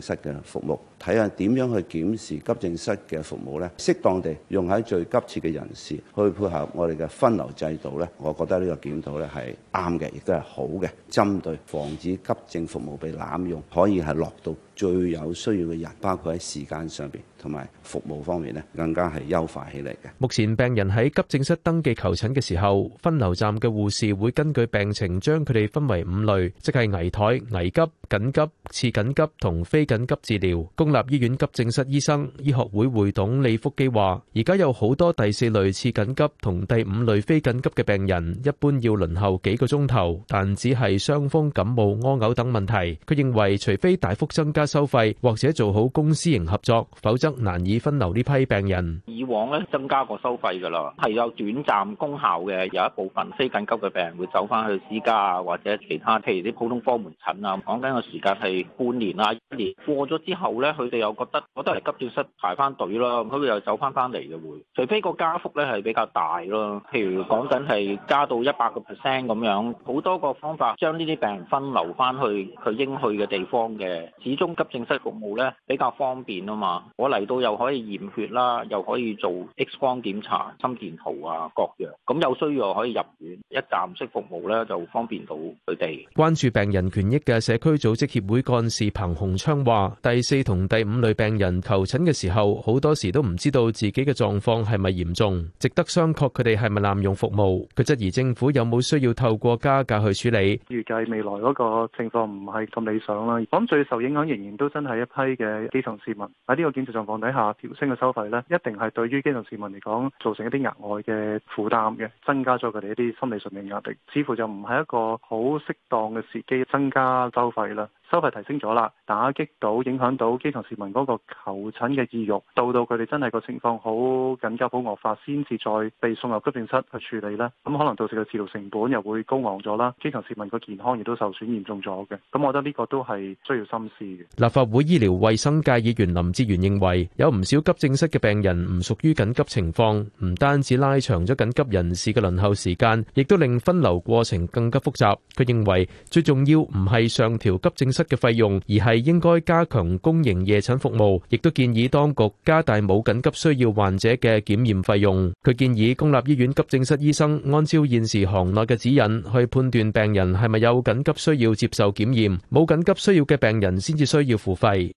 室嘅服務睇下點樣去檢視急症室嘅服務咧？適當地用喺最急切嘅人士，去配合我哋嘅分流制度咧。我覺得呢個檢討咧係啱嘅，亦都係好嘅，針對防止急症服務被濫用，可以係落到。最有需要嘅人，包括喺時間上邊同埋服務方面咧，更加係優化起嚟嘅。目前病人喺急症室登記求診嘅時候，分流站嘅護士會根據病情將佢哋分為五類，即係危殆、危急、緊急、次緊急同非緊急治療。公立醫院急症室醫生醫學會會董李福基話，而家有好多第四類次緊急同第五類非緊急嘅病人，一般要輪候幾個鐘頭，但只係傷風、感冒、屙嘔等問題。佢認為，除非大幅增加收費或者做好公私營合作，否則難以分流呢批病人。以往咧增加過收費噶啦，係有短暫功效嘅，有一部分非緊急嘅病人會走翻去私家啊，或者其他，譬如啲普通科門診啊。講緊個時間係半年啊，一年過咗之後咧，佢哋又覺得我都係急症室排翻隊啦，咁佢哋又走翻翻嚟嘅會，除非個加幅咧係比較大咯，譬如講緊係加到一百個 percent 咁樣，好多個方法將呢啲病人分流翻去佢應去嘅地方嘅，始終。急症室服務呢比較方便啊嘛，我嚟到又可以驗血啦，又可以做 X 光檢查、心電圖啊各樣，咁有需要可以入院。一站式服務呢就方便到佢哋。關注病人權益嘅社區組織協會幹事彭洪昌話：第四同第五類病人求診嘅時候，好多時都唔知道自己嘅狀況係咪嚴重，值得商榷。佢哋係咪濫用服務？佢質疑政府有冇需要透過加價去處理。預計未來嗰個情況唔係咁理想啦，咁最受影響仍然。都真係一批嘅基層市民喺呢個建設狀況底下，調升嘅收費咧，一定係對於基層市民嚟講造成一啲額外嘅負擔嘅，增加咗佢哋一啲心理上面壓力，似乎就唔係一個好適當嘅時機增加收費啦。收費提升咗啦，打擊到影響到基層市民嗰個求診嘅意欲，到到佢哋真係個情況好緊急好惡化，先至再被送入急症室去處理咧。咁可能造成嘅治療成本又會高昂咗啦，基層市民個健康亦都受損嚴重咗嘅。咁我覺得呢個都係需要深思嘅。立法會醫療衞生界議員林哲玄認為，有唔少急症室嘅病人唔屬於緊急情況，唔單止拉長咗緊急人士嘅輪候時間，亦都令分流過程更加複雜。佢認為最重要唔係上調急症室嘅費用，而係應該加強公營夜診服務，亦都建議當局加大冇緊急需要患者嘅檢驗費用。佢建議公立醫院急症室醫生按照現時行內嘅指引去判斷病人係咪有緊急需要接受檢驗，冇緊急需要嘅病人先至需要付費。